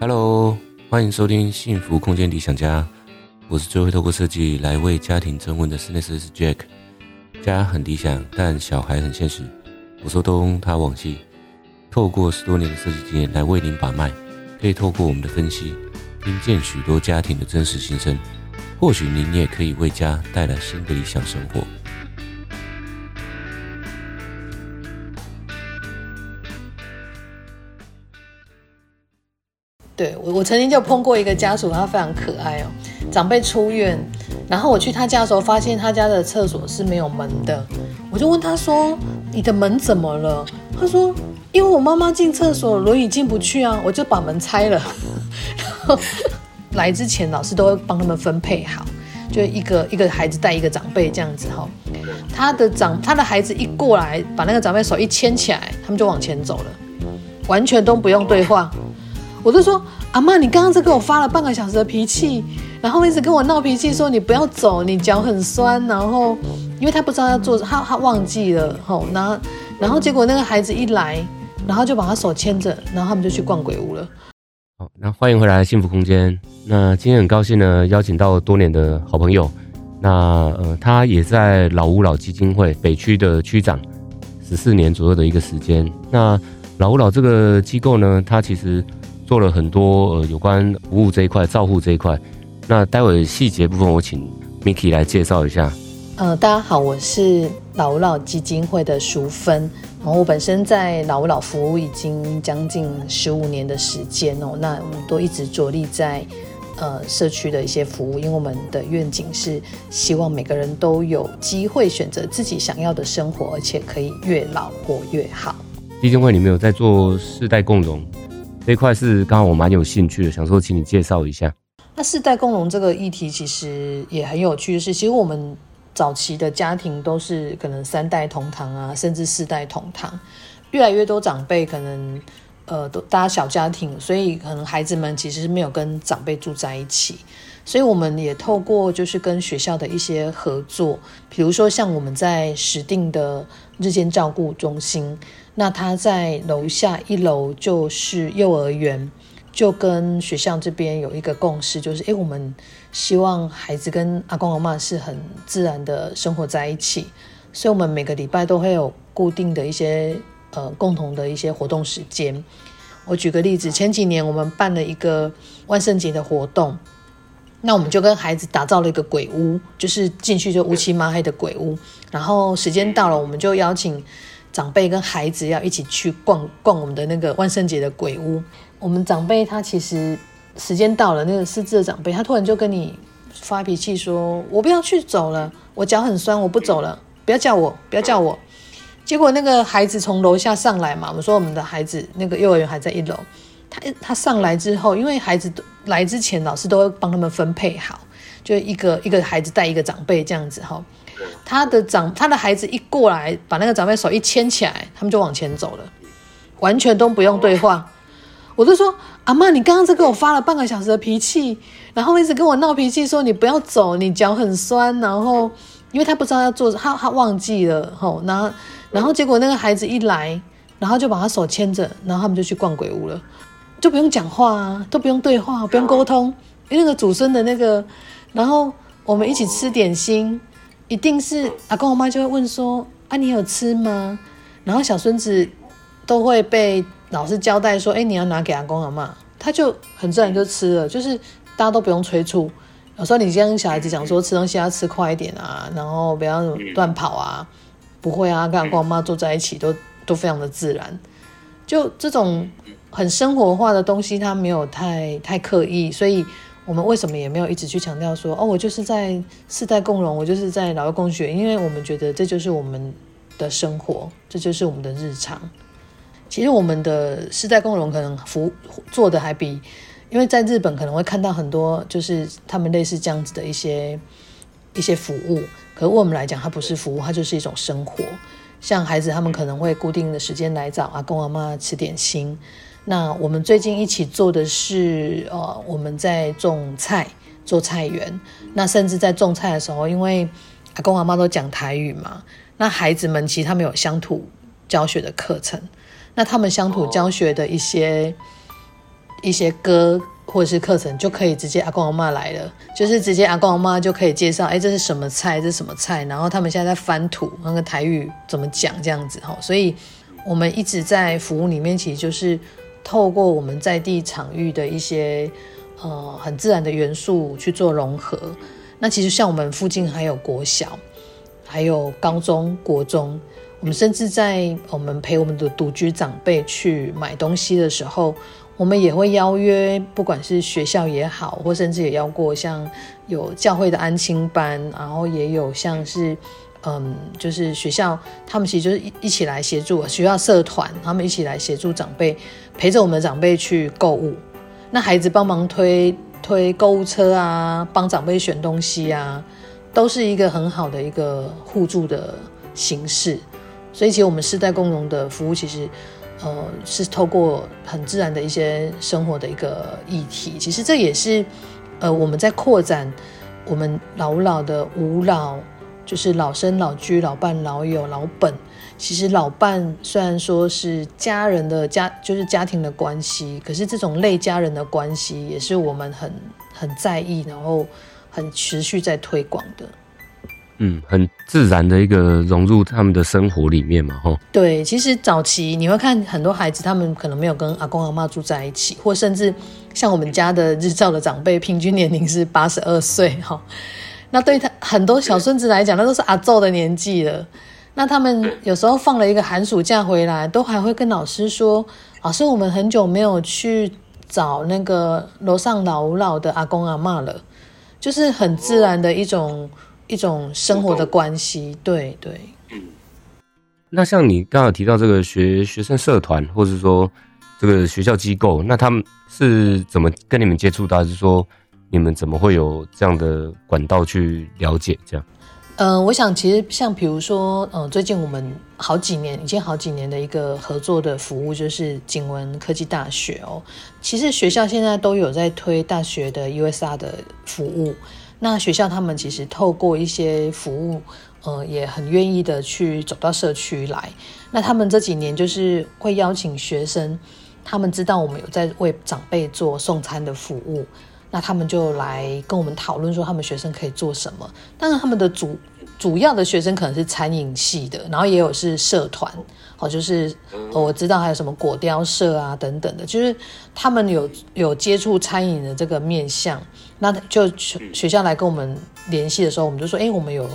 哈嘍，歡迎收聽《幸福空間理想家》，我是最會透過設計來為家庭升溫的室內設計師 Jack。家很理想，但小孩很現實。我說東他往西，透過十多年的設計經驗來為您把脈，可以透過我們的分析，聽見許多家庭的真實心聲，或許您也可以為家帶來新的理想生活。對我，我曾經就碰過一個家屬，他非常可愛哦。長輩出院，然後我去他家的時候，發現他家的廁所是沒有門的。我就問他說：“你的門怎麼了？”他說：“因為我媽媽進廁所，輪椅進不去啊，我就把門拆了。”然後來之前，老師都會幫他們分配好，就一個一個孩子帶一個長輩這樣子哈、哦。他的長他的孩子一過來，把那個長輩手一牽起來，他們就往前走了，完全都不用對話。我就說，阿嬤，你剛剛是給我發了半個小時的脾氣，然後一直跟我鬧脾氣，說你不要走，你腳很酸。然後，因為他不知道要做，他他忘記了、哦、然後，然後結果那個孩子一來，然後就把他手牽着，然後他們就去逛鬼屋了。好，那歡迎回來幸福空間。那今天很高興呢，邀請到多年的好朋友。那呃，他也在老吾老基金會北區的區長，十四年左右的一個時間。那老吾老這個機構呢，他其實。做了很多呃有關服務這一塊、照護這一塊，那待會細節部分我請 Miki 來介紹一下。呃，大家好，我是老吾老基金會的淑芬，然後，哦，我本身在老吾老服務已經將近十五年的時間了，哦，那我們都一直着力在呃社區的一些服務，因為我們的願景是希望每個人都有機會選擇自己想要的生活，而且可以越老活越好。基金會你們有在做世代共融？這塊是剛好我蠻有興趣的，想說請你介紹一下。那四代共融這個議題其實也很有趣的是，其實我們早期的家庭都是可能三代同堂啊，甚至四代同堂。越來越多長輩可能呃，都搭小家庭，所以可能孩子們其實沒有跟長輩住在一起。所以我們也透過就是跟學校的一些合作，比如說像我們在指定的日間照顧中心。那他在樓下一樓就是幼兒園，就跟學校這邊有一個共識，就是，誒，我們希望孩子跟阿公阿嬤是很自然的生活在一起，所以我們每個禮拜都會有固定的一些，呃，共同的一些活動時間。我舉個例子，前幾年我們辦了一個萬聖節的活動，那我們就跟孩子打造了一個鬼屋，就是進去就烏漆麻黑的鬼屋，然後時間到了，我們就邀請。長輩跟孩子要一起去逛逛我們的那個萬聖節的鬼屋。我們長輩他其實時間到了，那個失智的長輩他突然就跟你發脾氣說：“我不要去走了，我腳很酸，我不走了，不要叫我，不要叫我。”結果那個孩子從樓下上來嘛，我們說我們的孩子那個幼兒園還在一樓，他他上來之後，因為孩子來之前老師都會幫他們分配好，就一個一個孩子帶一個長輩這樣子哈。他的長，他的孩子一過來，把那個長輩手一牽起來，他們就往前走了，完全都不用對話。我就說：“阿媽，你剛剛是給我發了半個小時的脾氣，然後一直跟我鬧脾氣，說你不要走，你腳很酸。”然後因為他不知道要做，他他忘記了吼，然後，然後結果那個孩子一來，然後就把他手牽着，然後他們就去逛鬼屋了，就不用講話啊，都不用對話，不用溝通，因為那個祖孫的那個，然後我們一起吃點心。一定是阿公阿媽就會問說：“啊，你有吃嗎？”然後小孫子都會被老師交代說：“哎、欸，你要拿給阿公阿媽。”他就很自然就吃了，就是大家都不用催促。有時候你這樣跟小孩子講說：“吃東西要吃快一點啊，然後不要亂跑啊。”不會啊，跟阿公阿媽坐在一起都都非常的自然。就這種很生活化的東西，他沒有太太刻意，所以。我們為什麼也沒有一直去強調說哦，我就是在世代共榮，我就是在老幼共學？因為我們覺得這就是我們的生活，這就是我們的日常。其實我們的世代共榮可能服務做的還比，因為在日本可能會看到很多就是他們類似這樣子的一些一些服務，可是為我們來講它不是服務，它就是一種生活。像孩子他們可能會固定的時間來找阿公阿嬤吃點心。那我們最近一起做的是，呃、哦，我們在種菜，做菜園。那甚至在種菜的時候，因為阿公阿媽都講台語嘛，那孩子們其實他們有鄉土教學的課程。那他們鄉土教學的一些一些歌或者是課程，就可以直接阿公阿媽來了，就是直接阿公阿媽就可以介紹，哎、欸，這是什麼菜，這是什麼菜。然後他們現在在翻土，那個台語怎麼講這樣子、哦、所以我們一直在服務裡面，其實就是。透過我們在地場域的一些呃很自然的元素去做融合，那其實像我們附近還有國小，還有高中、國中，我們甚至在我們陪我們的獨居長輩去買東西的時候，我們也會邀約，不管是學校也好，或甚至也邀過像有教會的安親班，然後也有像是。嗯，就是學校，他們其實就是一一起來協助學校社團，他們一起來協助長輩，陪着我們長輩去購物。那孩子幫忙推推購物車啊，幫長輩選東西啊，都是一個很好的一個互助的形式。所以，其實我們世代共融的服務，其實呃是透過很自然的一些生活的一個議題。其實這也是呃我們在擴展我們老吾老的吾老。就是老生老居老伴老伴老友老本，其實老伴雖然說是家人的家，就是家庭的關係，可是這種類家人的關係也是我們很很在意，然後很持續在推廣的。嗯，很自然的一個融入他們的生活裡面嘛，吼。對，其實早期你會看很多孩子，他們可能沒有跟阿公阿嬤住在一起，或甚至像我們家的日照的長輩，平均年齡是八十二歲，哈。那對他很多小孫子來講，那都是阿祖的年紀了。那他們有時候放了一個寒暑假回來，都還會跟老師說：“老師，我們很久沒有去找那個樓上老五、老的阿公阿媽了。”就是很自然的一種一種生活的關係。對對，嗯。那像你剛剛提到這個學學生社團，或是說這個學校機構，那他們是怎麼跟你們接觸到，啊？還是說？你們怎麼會有這樣的管道去了解這樣？呃，我想其實像比如說，呃，最近我們好幾年已經好幾年的一個合作的服務，就是景文科技大學哦。其實學校現在都有在推大學的 USR 的服務。那學校他們其實透過一些服務，呃，也很願意的去走到社區來。那他們這幾年就是會邀請學生，他們知道我們有在為長輩做送餐的服務。那他們就來跟我們討論說，他們學生可以做什麼？但是，他們的主主要的學生可能是餐飲系的，然後也有是社團，好，就是我知道還有什麼果雕社啊等等的，就是他們有有接觸餐飲的這個面向。那就學校來跟我們聯繫的時候，我們就說，哎、欸，我們有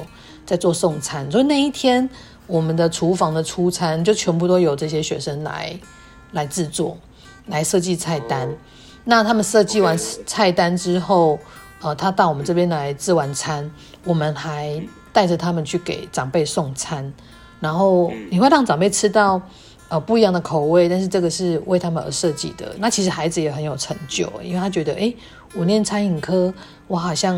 在做送餐，所以那一天我們的廚房的出餐就全部都有這些學生來來制作，來設計菜單。那他們設計完菜單之後，呃，他到我們這邊來制完餐，我們還帶着他們去給長輩送餐，然後也會讓長輩吃到呃不一樣的口味，但是這個是為他們而設計的。那其實孩子也很有成就，因為他覺得，哎、欸，我念餐飲科，我好像，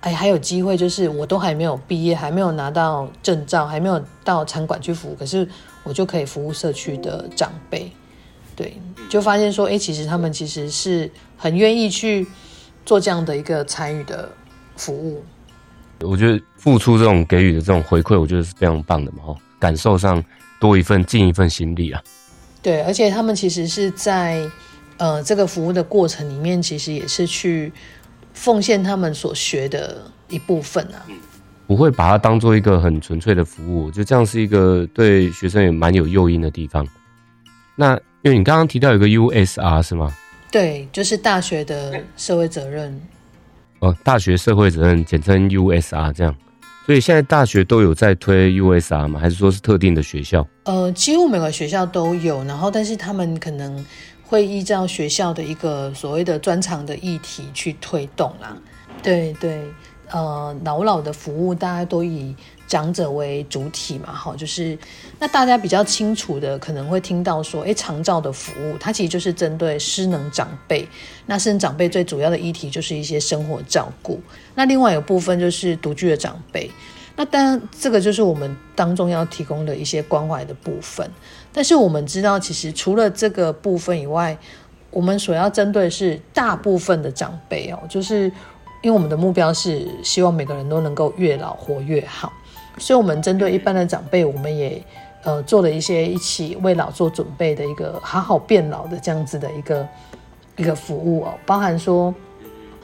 哎、欸，還有機會，就是我都還沒有畢業，還沒有拿到證照，還沒有到餐館去服務，可是我就可以服務社區的長輩。對，就發現說，哎、欸，其實他們其實是很願意去做這樣的一個參與的服務。我覺得付出這種給予的這種回饋，我覺得是非常棒的嘛！感受上多一份，盡一份心力啊。對，而且他們其實是在呃這個服務的過程裡面，其實也是去奉獻他們所學的一部分啊。不會把它當做一個很純粹的服務，就這樣是一個對學生也蠻有誘因的地方。那。因為你剛剛提到有個 USR 是嗎？對，就是大學的社會責任。哦，大學社會責任簡稱 USR 這樣。所以現在大學都有在推 USR 嗎？還是說是特定的學校？呃，幾乎每個學校都有，然後但是他們可能會依照學校的一個所謂的專長的議題去推動啦。對對，呃，老老的服務大家都以長者為主體嘛，好，就是那大家比較清楚的，可能會聽到說，誒，長照的服務，它其實就是針對失能長輩。那失能長輩最主要的議題就是一些生活照顧。那另外一個部分就是獨居的長輩。那當然，這個就是我們當中要提供的一些關懷的部分。但是我們知道，其實除了這個部分以外，我們所要針對是大部分的長輩哦，就是因為我們的目標是希望每個人都能夠越老活越好。所以，我們針對一般的長輩，我們也呃做了一些一起為老做準備的一個好好變老的這樣子的一個一個服務哦，包含說，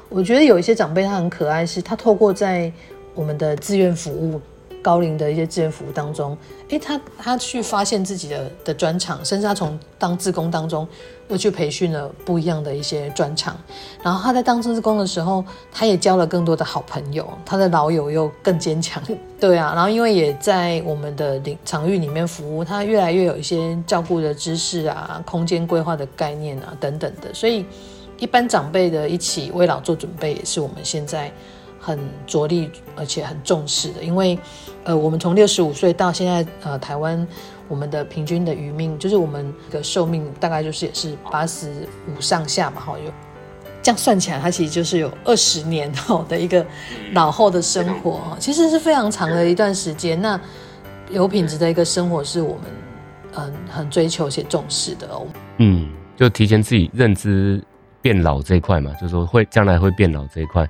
我覺得有一些長輩他很可愛，是他透過在我們的志願服務高齡的一些志願服務當中。哎、欸，他他去發現自己的的專長，甚至他從當志工當中，又去培訓了不一樣的一些專長。然後他在當志工的時候，他也交了更多的好朋友，他的老友又更堅強。對啊，然後因為也在我們的領場域裡面服務，他越來越有一些照顧的知識啊，空間規劃的概念啊等等的。所以，一般長輩的一起為老做準備，也是我們現在。很着力，而且很重視的，因為，呃，我們從六十五歲到現在，呃，台灣我們的平均的餘命，就是我們的壽命，大概就是也是八十五上下嘛。好像這樣算起來，它其實就是有二十年後的一個老後的生活，其實是非常長的一段時間。那有品質的一個生活，是我們嗯、呃、很追求且重視的哦。嗯，就提前自己認知變老這一塊嘛，就是說會將來會變老這一塊。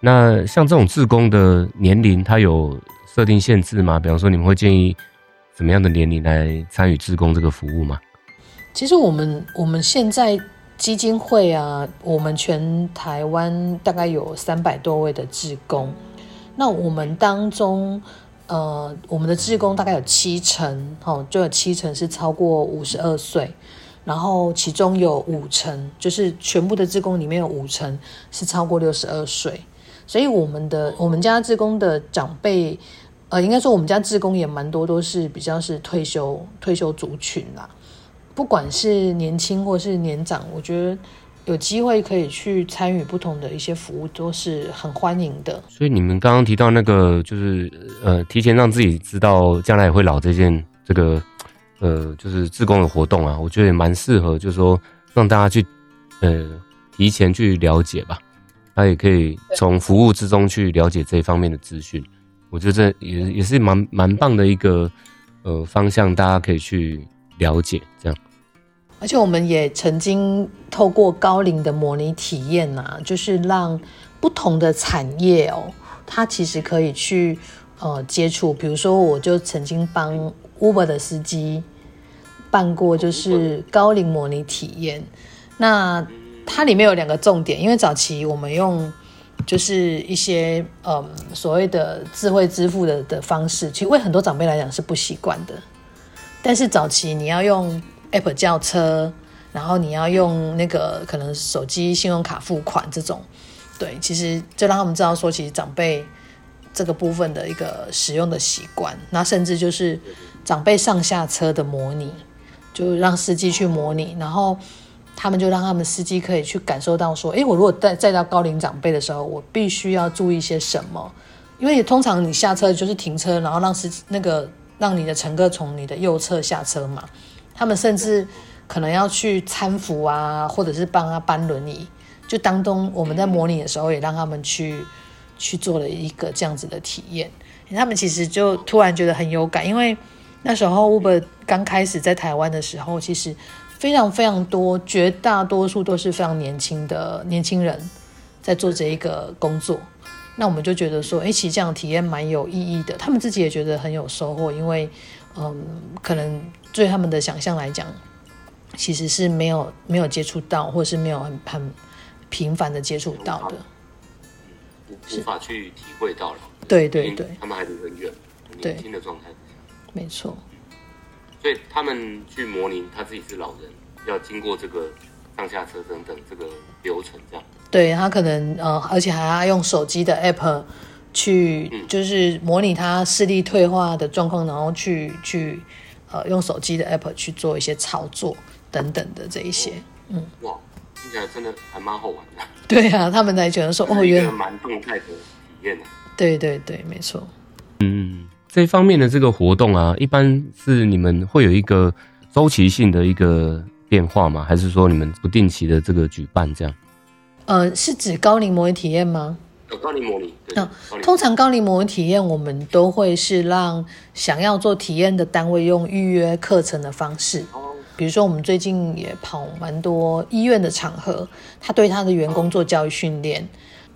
那像這種志工的年齡，它有設定限制嗎？比方說，你們會建議什麼樣的年齡來參與志工這個服務嗎？其實我們我們現在基金會啊，我們全台灣大概有三百多位的志工。那我們當中，呃，我們的志工大概有七成，哦，就有七成是超過五十二歲。然後其中有五成，就是全部的志工裡面有五成是超過六十二歲。所以我們的我們家志工的長輩，呃，應該說我們家志工也蠻多，都是比較是退休退休族群啦。不管是年輕或是年長，我覺得有機會可以去參與不同的一些服務，都是很歡迎的。所以你們剛剛提到那個，就是呃，提前讓自己知道將來也會老這件，這個呃，就是志工的活動啊，我覺得也蠻適合，就是說讓大家去呃，提前去了解吧。他也可以從服務之中去了解這方面的資訊，我覺得這也也是蠻蠻棒的一個呃方向，大家可以去了解這樣。而且我們也曾經透過高齡的模擬體驗吶、啊，就是讓不同的產業哦、喔，它其實可以去呃接觸，比如說我就曾經幫 Uber 的司機辦過就是高齡模擬體驗，那。它裡面有兩個重點，因為早期我們用就是一些嗯所謂的智慧支付的的方式，其實為很多長輩來講是不習慣的。但是早期你要用 APP 叫車，然後你要用那個可能手機信用卡付款這種，對，其實就讓他們知道說，其實長輩這個部分的一個使用的習慣，那甚至就是長輩上下車的模擬，就讓司機去模擬，然後，他們就讓他們司機可以去感受到說，誒，我如果再到高齡長輩的時候，我必須要注意些什麼？因為也通常你下車就是停車，然後讓司機那個讓你的乘客從你的右側下車嘛。他們甚至可能要去攙扶啊，或者是幫他搬輪椅。就當中我們在模擬的時候，也讓他們去去做了一個這樣子的體驗。他們其實就突然覺得很有感，因為那時候 Uber 剛開始在台灣的時候，其實。非常非常多，絕大多數都是非常年輕的年輕人在做這一個工作，那我們就覺得說，欸，其實這樣體驗蠻有意義的，他們自己也覺得很有收穫，因為，嗯，可能對他們的想象來講，其實是沒有沒有接觸到，或是沒有很很頻繁的接觸到的，無法去體會到了，對對對，他們還離很遠，對。年輕的狀態，沒錯。所以他們去模擬他自己是老人，要經過這個上下車等等這個流程，這樣。對他可能呃，而且還要用手機的 app，去、嗯、就是模擬他視力退化的狀況，然後去去呃用手機的 app 去做一些操作等等的這一些、嗯哦。哇，聽起來真的還蠻好玩的、啊。對啊，他們才覺得說、啊、哦，原來蠻動態的體驗呢。對對對，沒錯。嗯。這方面的這個活動啊，一般是你們會有一個週期性的一個變化嗎？還是說你們不定期的這個舉辦這樣？呃，是指高齡模擬體驗嗎？哦、高齡模擬。那通常高齡模擬體驗，我們都會是讓想要做體驗的單位用預約課程的方式。哦、比如說，我們最近也跑蠻多醫院的場合，他對他的員工做教育訓練，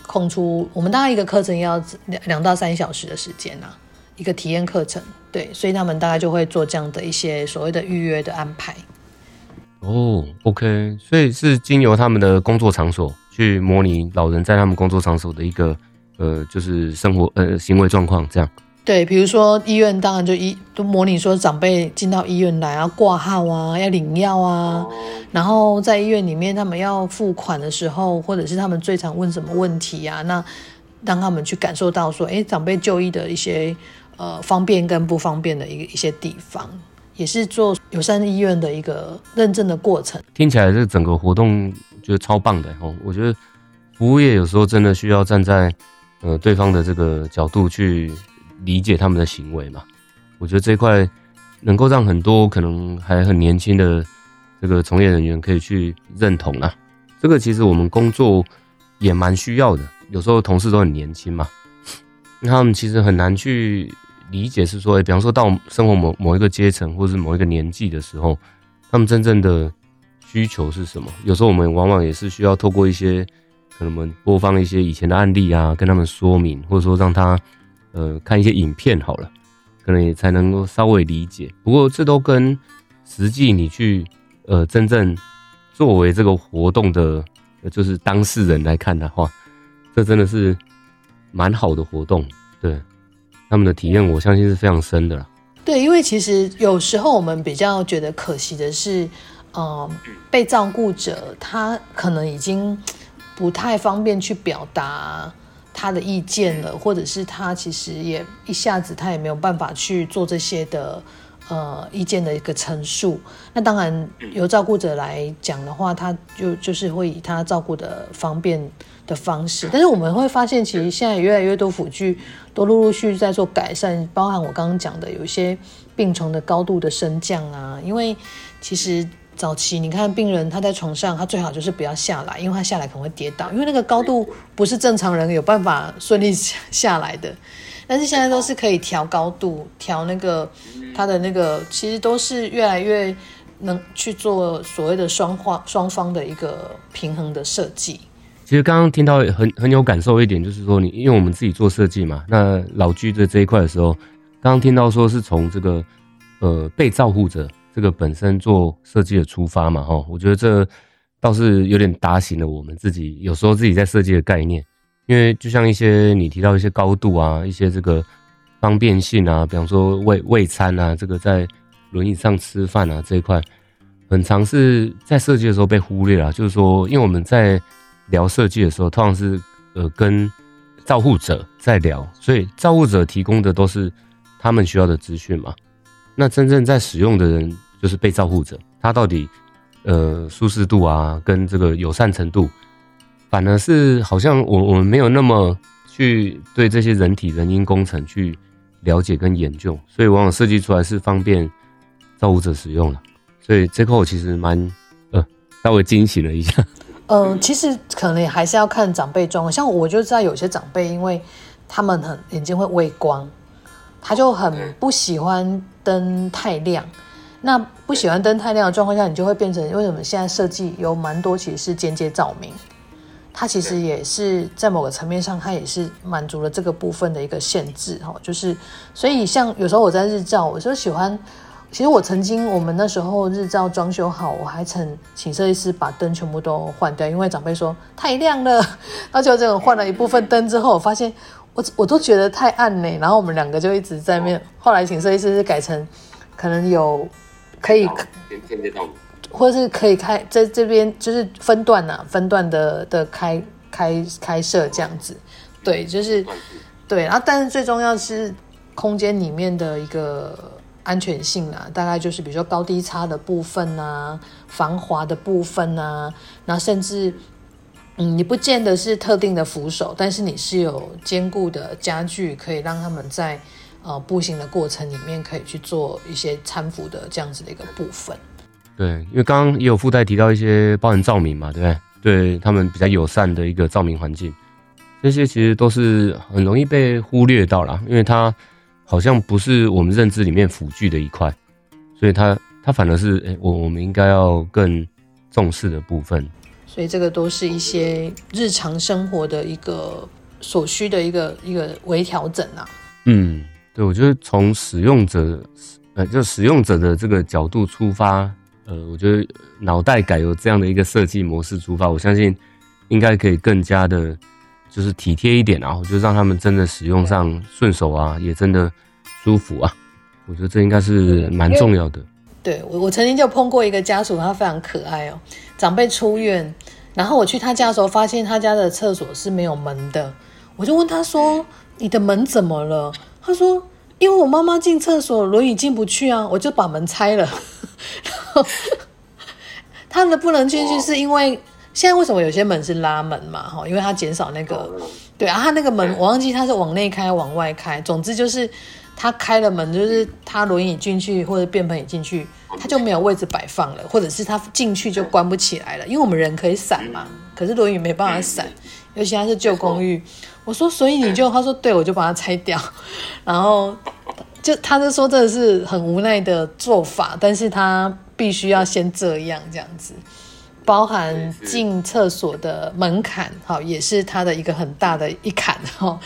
空、哦、出我們大概一個課程要兩兩到三小時的時間啊。一個體驗課程，對，所以他們大概就會做這樣的一些所謂的預約的安排。哦、oh，OK，所以是經由他們的工作場所去模擬老人在他們工作場所的一個呃，就是生活呃行為狀況這樣。對，比如說醫院，當然就醫就模擬說長輩進到醫院來，要掛號啊，要領藥啊，然後在醫院裡面他們要付款的時候，或者是他們最常問什麼問題啊，那讓他們去感受到說，哎、欸，長輩就醫的一些。呃，方便跟不方便的一個、一些地方，也是做友善醫院的一個認證的過程。聽起來這整個活動覺得超棒的哦！我覺得服務業有時候真的需要站在呃對方的這個角度去理解他們的行為嘛。我覺得這塊能夠讓很多可能還很年輕的這個從業人員可以去認同啊。這個其實我們工作也蠻需要的，有時候同事都很年輕嘛，他們其實很難去。理解是說，誒、欸、比方說到生活某某一個階層，或者是某一個年紀的時候，他們真正的需求是什麼？有時候我們往往也是需要透過一些，可能我們播放一些以前的案例啊，跟他們說明，或者說讓他，呃，看一些影片好了，可能也才能夠稍微理解。不過這都跟實際你去，呃，真正作為這個活動的，就是當事人來看的話，這真的是蠻好的活動，對。他們的體驗，我相信是非常深的啦。對，因為其實有時候我們比較覺得可惜的是，嗯、呃，被照顧者他可能已經不太方便去表達他的意見了，或者是他其實也一下子他也沒有辦法去做這些的。呃，意見的一個陳述。那當然，由照顧者來講的話，他就就是會以他照顧的方便的方式。但是我們會發現，其實現在越來越多輔具都陸陸續續在做改善，包含我剛剛講的有一些病床的高度的升降啊。因為其實早期你看病人他在床上，他最好就是不要下來，因為他下來可能會跌倒，因為那個高度不是正常人有辦法順利下，下來的。但是現在都是可以調高度，調那個它的那個，其實都是越來越能去做所謂的雙化雙方的一個平衡的設計。其實剛剛聽到很很有感受一點，就是說你因為我們自己做設計嘛，那老居的這一塊的時候，剛剛聽到說是從這個呃被照護者這個本身做設計的出發嘛，哈，我覺得這倒是有點打醒了我們自己有時候自己在設計的概念。因為就像一些你提到一些高度啊，一些這個方便性啊，比方說餵餵餐啊，這個在輪椅上吃飯啊這一塊，很常是在設計的時候被忽略啊，就是說，因為我們在聊設計的時候，通常是呃跟照護者在聊，所以照護者提供的都是他們需要的資訊嘛。那真正在使用的人就是被照護者，他到底呃舒適度啊，跟這個友善程度。反而是好像我我們沒有那麼去對這些人體人因工程去了解跟研究，所以往往設計出來是方便照顧者使用了。所以這個我其實蠻呃，稍微驚喜了一下。嗯、呃，其實可能還是要看長輩狀況。像我就知道有些長輩，因為他們很眼睛會畏光，他就很不喜歡燈太亮。那不喜歡燈太亮的狀況下，你就會變成為什麼現在設計有蠻多其實是間接照明。它其實也是在某個層面上，它也是滿足了這個部分的一個限制，就是所以像有時候我在日照，我就喜歡，其實我曾經我們那時候日照裝修好，我還曾請設計師把燈全部都換掉，因為長輩說太亮了，那就這種換了一部分燈之後，我發現我我都覺得太暗嘞，然後我們兩個就一直在面，後來請設計師是改成可能有可以。天天或者是可以開在這邊，就是分段啊，分段的的開開開設這樣子，對，就是對。然後，但是最重要的是空間裡面的一個安全性啊，大概就是比如說高低差的部分吶、啊，防滑的部分吶、啊，那甚至嗯，你不見得是特定的扶手，但是你是有堅固的家具，可以讓他們在呃步行的過程裡面可以去做一些攙扶的這樣子的一個部分。對，因為剛剛也有附帶提到一些包含照明嘛，對不對？對，他們比較友善的一個照明環境，這些其實都是很容易被忽略到啦，因為它好像不是我們認知裡面輔具的一塊，所以它它反而是誒、欸、我我們應該要更重視的部分。所以這個都是一些日常生活的一個所需的一個一個微調整啊。嗯，對，我覺得從使用者，呃、欸，就使用者的這個角度出發。呃，我覺得腦袋改由這樣的一個設計模式出發，我相信應該可以更加的，就是體貼一點啊，然後就讓他們真的使用上順手啊，也真的舒服啊。我覺得這應該是蠻重要的。對，我我曾經就碰過一個家屬，他非常可愛哦。長輩出院，然後我去他家的時候，發現他家的廁所是沒有門的。我就問他說：“你的門怎麼了？”他說：“因為我媽媽進廁所，輪椅進不去啊，我就把門拆了。”然後，他的不能進去是因為現在為什麼有些門是拉門嘛？哈，因為他減少那個，對啊，他那個門我忘記他是往內開、往外開，總之就是他開了門，就是他輪椅進去或者便盆椅進去，他就沒有位置擺放了，或者是他進去就關不起來了。因為我們人可以閃嘛，可是輪椅沒辦法閃，尤其他是舊公寓。我說，所以你就他說對，我就把它拆掉，然後。就他就說，這是很無奈的做法，但是他必須要先這樣這樣子，包含進廁所的門檻，哈，也是他的一個很大的一坎，哈、啊，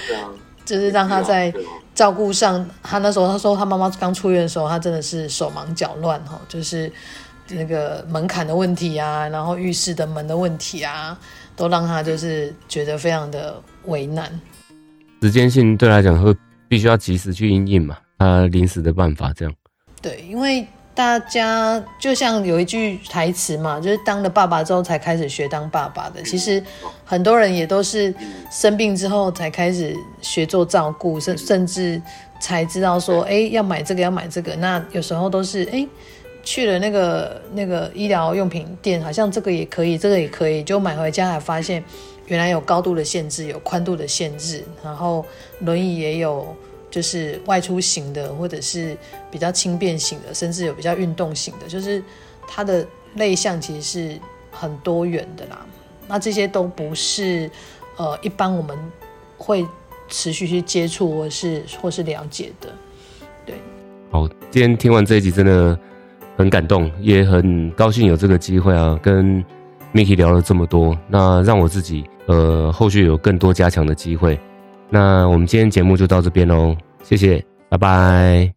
就是讓他在照顧上、啊啊，他那時候他說他媽媽剛出院的時候，他真的是手忙腳亂，哈，就是那個門檻的問題啊，然後浴室的門的問題啊，都讓他就是覺得非常的為難。時間性對來講會必須要及時去應應嘛。他臨時的辦法這樣，對，因為大家就像有一句台詞嘛，就是當了爸爸之後才開始學當爸爸的。其實很多人也都是生病之後才開始學做照顧，甚甚至才知道說，誒，要買這個，要買這個。那有時候都是，誒，去了那個那個醫療用品店，好像這個也可以，這個也可以，就買回家才發現，原來有高度的限制，有寬度的限制，然後輪椅也有。就是外出型的，或者是比較輕便型的，甚至有比較運動型的，就是它的類項其實是很多元的啦。那這些都不是呃，一般我們會持續去接觸或是或是了解的。對，好，今天聽完這一集真的很感動，也很高興有這個機會啊，跟 Miki 聊了這麼多，那讓我自己呃，後續有更多加強的機會。那我們今天節目就到這邊嘍，謝謝，拜拜。